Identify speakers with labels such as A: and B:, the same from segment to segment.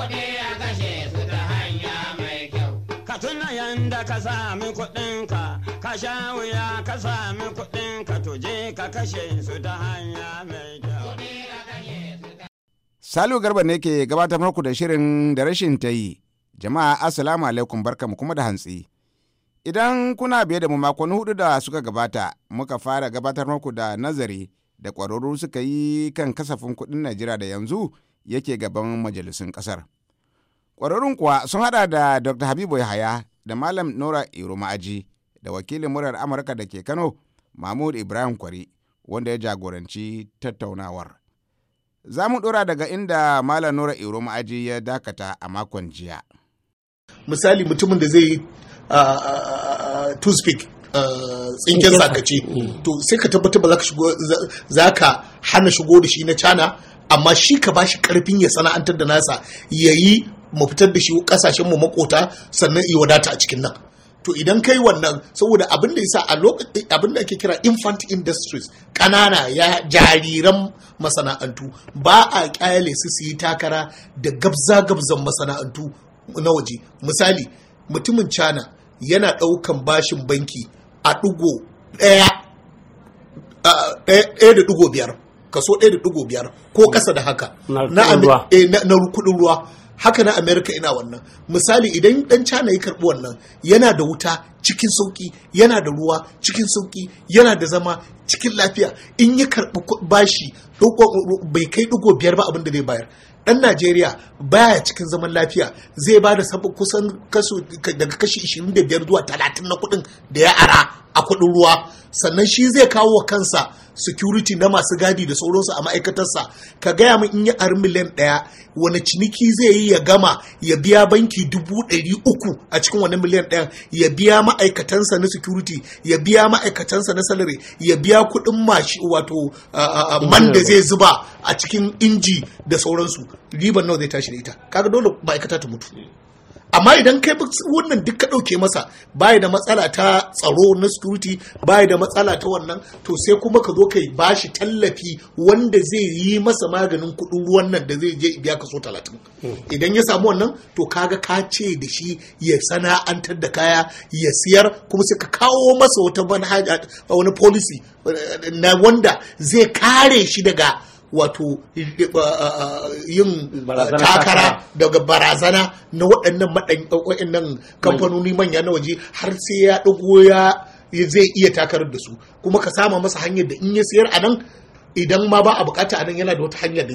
A: kuɗi a kashe su ta hanya mai kyau. Ka tuna yanda ka sami kuɗinka, ka sha wuya ka sami kuɗinka tuje ka kashe su ta hanya mai kyau.
B: Salu Garba ne ke gabatar muku da shirin da rashin ta yi. Jama'a Assalamu alaikum barkamu kuma da hantsi. Idan kuna biye da mu makon hudu da suka gabata, muka fara gabatar muku da nazari da ƙwararru suka yi kan kasafin kuɗin Najeriya da yanzu yake gaban majalisun kasar. Ƙwararrun kuwa sun hada da Dr. Habibu Yahaya da Malam Nora Iro Ma'aji da wakilin murar Amurka da ke Kano Mahmud Ibrahim Kwari wanda ya jagoranci tattaunawar. Za mu ɗora daga inda Malam Nora Iro Ma'aji ya dakata a makon jiya.
C: Misali mutumin da zai yi tsinken sakaci mm. to sai ka tabbatar ba za ka hana shigo da shi na cana amma shi ka bashi karfin ya sana'antar da nasa ya yi mu fitar da shi kasashen mu makota sannan iya wadata a cikin nan to idan kai wannan saboda abin da yasa a lokacin abin da ake kira infant industries kanana ya jariran masana'antu ba a kyale su su yi takara da gabza gabzan masana'antu na waje misali mutumin cana yana ɗaukan bashin banki a ɗigo ɗaya da ɗigo biyar kaso 1.5 ko kasa da haka na kudin eh, ruwa haka na america ina wannan misali idan dan china ya karbi wannan yana da wuta cikin sauki yana da ruwa cikin sauki yana da zama cikin lafiya in ya karbi bashi bai kai dugo biyar ba abinda zai bayar dan najeriya baya cikin zaman lafiya zai ba da kusan daga kashi 25 zuwa 30 na kudin da ya ara a kudin ruwa sannan shi zai kawo wa kansa security na masu gadi da sauransu a ma'aikatarsa ka gaya min in yi ar miliyan ɗaya wani ciniki zai yi ya gama ya biya banki dubu ɗari uku a cikin wani miliyan ɗaya ya biya ma'aikatansa na security ya biya ma'aikatansa na salary ya biya kuɗin mashi wato man da zai zuba a cikin inji da sauransu riban nawa zai tashi da ita kaga dole ma'aikata ta mutu amma idan kai wannan duk ka ɗauke masa baya da matsala ta tsaro na security baya da matsala ta wannan to sai kuma ka zo kai ba shi tallafi wanda zai yi masa maganin kuɗin ruwan da zai je biya kaso talatin mm. idan ya samu wannan to kaga ka ce da shi ya sana'antar da kaya ya siyar kuma sai ka kawo masa wata manhaja wani policy eh, na wanda zai kare shi daga wato eh, eh, yin takara daga barazana na eh, waɗannan kamfanoni manya na waje har sai ya ɗago ya zai iya takarar da su kuma ka sama masa hanyar da in ya sayar a nan idan ma ba a bukata anan yana da wata hanya da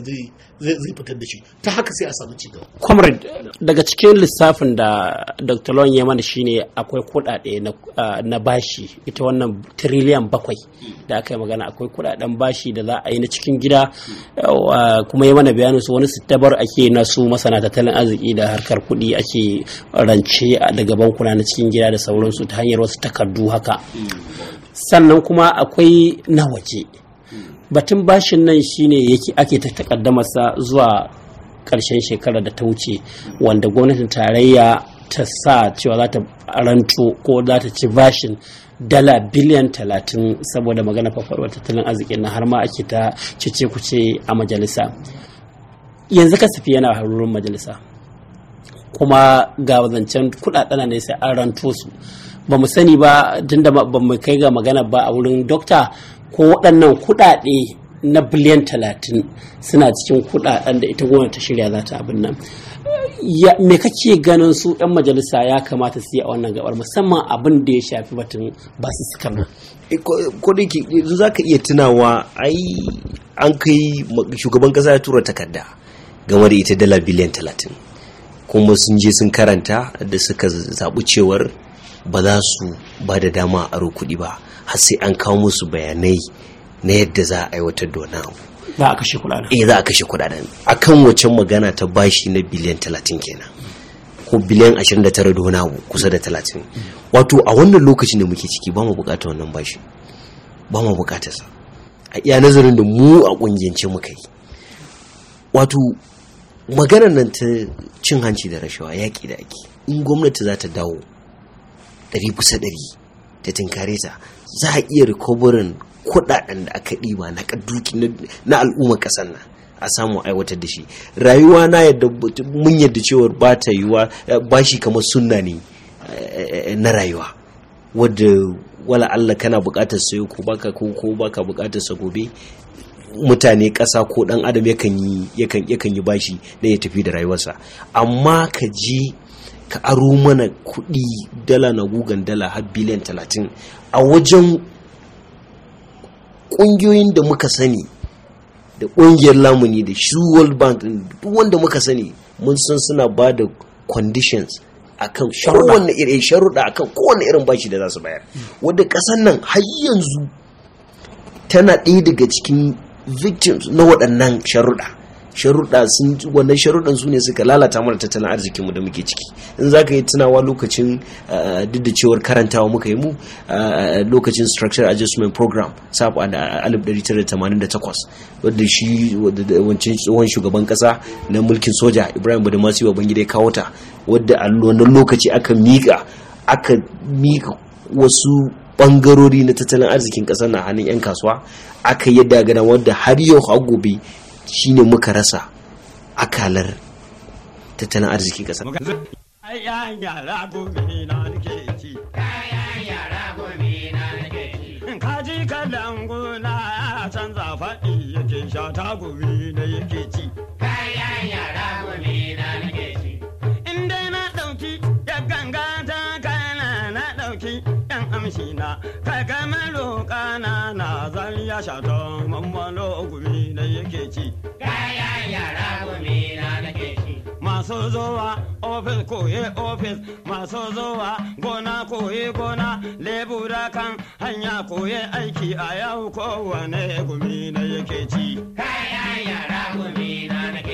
C: zai fitar da shi ta haka sai a samu ci gaba
D: comrade daga cikin lissafin da dr lon ya mana shine akwai kudade na bashi ita wannan tiriliyan bakwai da aka yi magana akwai kudaden bashi da za a yi na cikin gida kuma ya mana bayanin su wani sittabar ake na su masana tattalin arziki da harkar kuɗi ake rance daga bankuna na cikin gida da sauransu ta hanyar wasu takardu haka hmm. sannan kuma akwai na waje batun bashin nan shine yake ake ta takaddamarsa zuwa ƙarshen shekara da ta wuce wanda gwamnatin tarayya ta sa cewa za ta ranto ko za ta ci bashin dala biliyan talatin saboda magana fafarwar tattalin arzikin na har ma ake ta cice kuce a majalisa yanzu kasafi yana harurin majalisa kuma ga zancen kudaden ne sai an ranto su ba mu sani ba tunda ba mu kai ga magana ba a wurin dokta ko waɗannan kuɗaɗe na biliyan talatin suna cikin kuɗaɗen da ita gwamnati ta shirya za ta abin nan me kake ganin su 'yan majalisa ya kamata su yi a wannan gabar
E: musamman abin da ya shafi batun basu suka nan eh, ko yanzu za ka iya tunawa ai an kai shugaban kasa ya tura takarda game da ita dala biliyan talatin kuma sun je sun karanta da suka zaɓi cewar ba za su ba da dama a aro kuɗi ba har sai an kawo musu bayanai na yadda za a aiwatar da wani abu za a kashe kudaden eh za a kashe kudaden akan wacan magana ta bashi na biliyan 30 kenan ko biliyan 29 da wani abu kusa da 30 wato a wannan lokacin da muke ciki ba mu bukatar wannan bashi ba mu bukatar sa a iya nazarin da mu a kungiyance muka yi wato maganar nan ta cin hanci da rashawa yaƙi da ake in gwamnati za ta dawo ɗari kusa ɗari ta tinkare ta za a iya recoverin kudaden da aka ɗiba na kaduki na al'ummar ƙasar nan a samu aiwatar da shi rayuwa na yadda mun yadda cewar ba ta eh, ba shi kamar sunna ne eh, eh, na rayuwa wadda wala Allah kana buƙatar sayo ko baka ko ko baka buƙatar sa gobe mutane ƙasa ko ɗan adam yakan yi yakan yi bashi da ya tafi da rayuwarsa amma ka ji ka aro mana kuɗi dala na gugan dala har biliyan talatin a wajen ƙungiyoyin da muka sani da ƙungiyar lamuni da shi world bank duk wanda muka sani mun san suna ba da conditions a kan kowanne irin eh, sharuɗa a kan kowanne irin bashi da za su bayar wadda ƙasar nan har yanzu tana ɗaya daga cikin victims na waɗannan sharuɗa sharuɗa sun wannan sharuɗan su ne suka lalata mana tattalin arzikin mu da muke ciki in za ka yi tunawa lokacin eh, duk da cewar karantawa muka yi mu eh, lokacin structure adjustment program sabu a 1988 wadda shi wancan tsohon shugaban kasa na mulkin soja ibrahim badamasi bangida ya kawo ta wadda a wannan lokaci aka miƙa aka wasu bangarori na tattalin arzikin kasar na hannun 'yan kasuwa aka yadda gana wadda har yau har gobe ne muka rasa akalar tattalin arzikin ƙasa.
A: Kaji kalangu a canza faɗi yake sha ta gobe na yake ci. amshina kai ga malo kana na zan ya shato mammalo gumi na yake ci kaya yara gumi na nake ci masu zuwa ofis koye ofis masu zuwa gona koye gona lebura kan hanya koye aiki a yau kowane gumi na yake ci kaya yara gumi na nake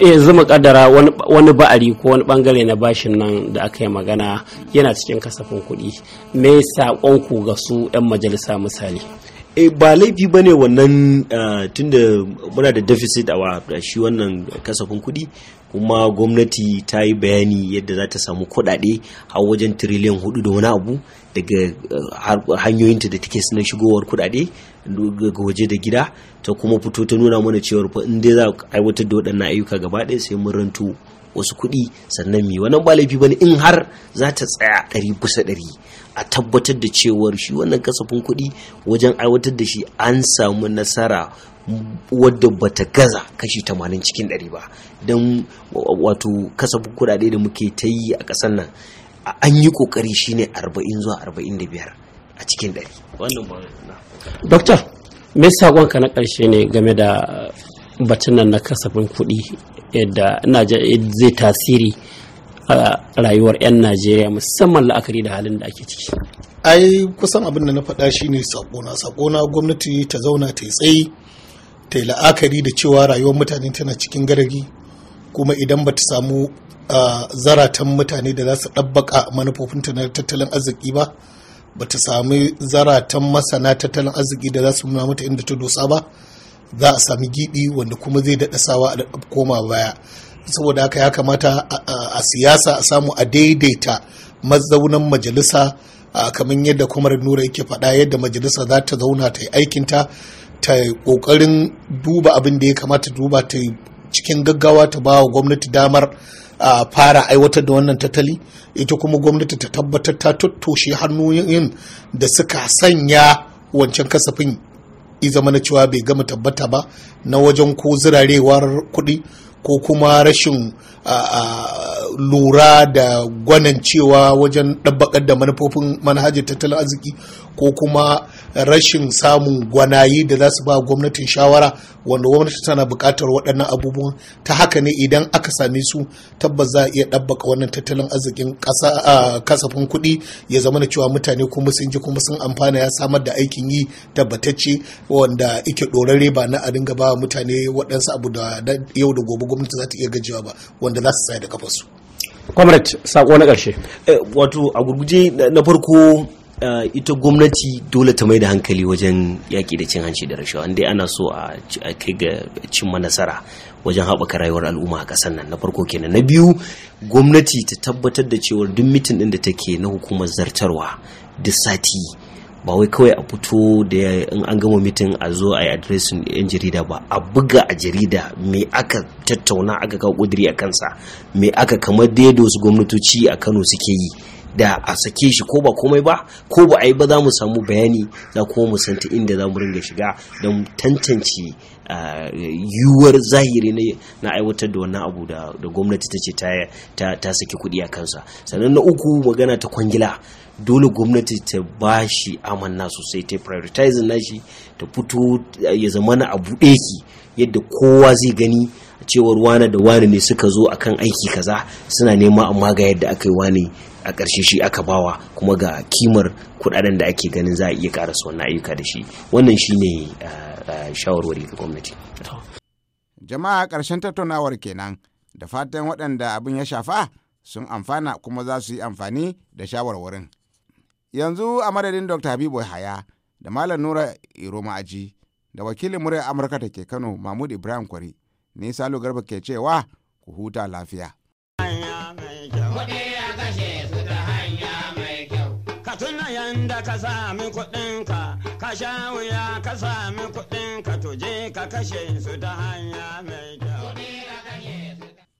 D: yanzu zama kadara wani ba'ari ko wani bangare na bashin nan da aka yi magana yana cikin kasafin kuɗi me
E: saƙonku ga su 'yan majalisa misali e ba laifi ba ne wannan eh, tunda muna da deficit a shi wannan kasafin kuɗi kuma gwamnati ta yi bayani yadda za ta samu kuɗaɗe a wajen tiriliyan hudu da wani abu daga eh, hanyoyinta da take suna shigowar kudade daga waje da gida ta kuma fito ta nuna mana cewar in dai za a aiwatar da waɗannan ayyuka gaba ɗaya sai mun rantu wasu kuɗi sannan mi wannan ba laifi bane in har za ta tsaya ɗari bisa ɗari a tabbatar da cewar shi wannan kasafin kuɗi wajen aiwatar da shi an samu nasara wadda bata gaza kashi 80 cikin 100 ba don wato kasafin kuɗaɗe da muke ta yi a ƙasar nan an yi ƙoƙari shine 40 zuwa 45 a cikin 100 wannan ba doktor me ka na ƙarshe ne game
D: da batunan na kasafin kuɗi yadda zai tasiri a rayuwar 'yan najeriya musamman la'akari da halin da ake ciki
C: ai kusan abin da na faɗa shine sakona sakona gwamnati ta zauna ta tsayi ta yi la'akari da cewa rayuwar mutane tana cikin garari kuma idan ba ta samu zaratan mutane da za su ɗabbaka manufofinta na tattalin arziki ba ba ta sami zaratan masana tattalin arziki da za su nuna mata inda ta dosa ba za a sami gibi wanda kuma zai daɗa sawa a koma baya saboda haka ya kamata a siyasa a samu a daidaita mazaunan majalisa kamar yadda kuma nura yake faɗa yadda majalisa za ta zauna ta yi aikinta ta yi ƙoƙarin duba abin da ya kamata duba ta yi cikin gaggawa ta ba wa gwamnati damar a fara aiwatar da wannan tattali ita kuma gwamnati ta tabbatar ta tattoshe hannu yin da suka sanya wancan kasafin i zama na cewa bai gama tabbata ba na wajen ko zirarewar kuɗi ko kuma rashin lura da gwanin cewa wajen ɗabbaƙar da manufofin manhajar tattalin arziki ko kuma rashin samun gwanayi da za su ba gwamnatin shawara wanda gwamnati tana buƙatar waɗannan abubuwan ta haka ne idan aka same su tabbas za a iya ɗabbaka wannan tattalin arzikin kasafin kuɗi ya zama cewa mutane kuma sun ji kuma sun amfana ya samar da aikin yi tabbatacce wanda ike ɗorare ba na a dinga ba mutane waɗansu abu da yau da gobe gwamnati za ta iya gajiya ba wanda wanda za su tsaya da kafarsu.
E: comrade sako na ƙarshe
C: eh, wato a gurguje na farko eh,
E: ita gwamnati dole ta mai da hankali wajen yaƙi da cin hanci da rashawa inda ana so a kai ga cin nasara wajen haɓaka rayuwar al'umma a ƙasar nan na farko kenan na biyu gwamnati ta tabbatar da cewa duk mitin ɗin da take na hukumar zartarwa duk sati ba wai kawai a fito da in an gama mitin a zo a yi adiresin yan jarida ba a buga a jarida me aka tattauna aka kawo kudiri a kansa me aka kamar da wasu gwamnatoci a kano suke yi da a sake shi ko ba komai ba ko ba a yi ba za mu samu bayani za kuma mu san ta inda za mu ringa shiga don tantance yiwuwar zahiri na aiwatar da wannan abu da gwamnati ta ce ta saki kuɗi a kansa sannan na uku magana ta kwangila dole gwamnati ta ba shi amanna sosai ta prioritizing nashi ta fito ya zama na abu ɗeki yadda kowa zai gani cewar wane da wane ne suka zo a kan aiki kaza suna nema amma ga yadda aka yi wane a ƙarshe shi aka bawa kuma ga kimar kudaden da ake ganin za a iya karasa wannan ayyuka da shi wannan shi ne ah, ah, shawarwari ga gwamnati
B: jama'a ƙarshen tattaunawar kenan da fatan waɗanda abin ya shafa sun amfana kuma za su yi amfani da shawarwarin yanzu a madadin dr habibu haya da malam nura iroma aji da wakilin muryar amurka da ke kano mahmud ibrahim kwari ni salo garba ke cewa ku huta lafiya
A: ka tuna yanda ka sami kuɗinka ka sha wuya ka sami kuɗin to je ka kashe su ta hanya mai kyau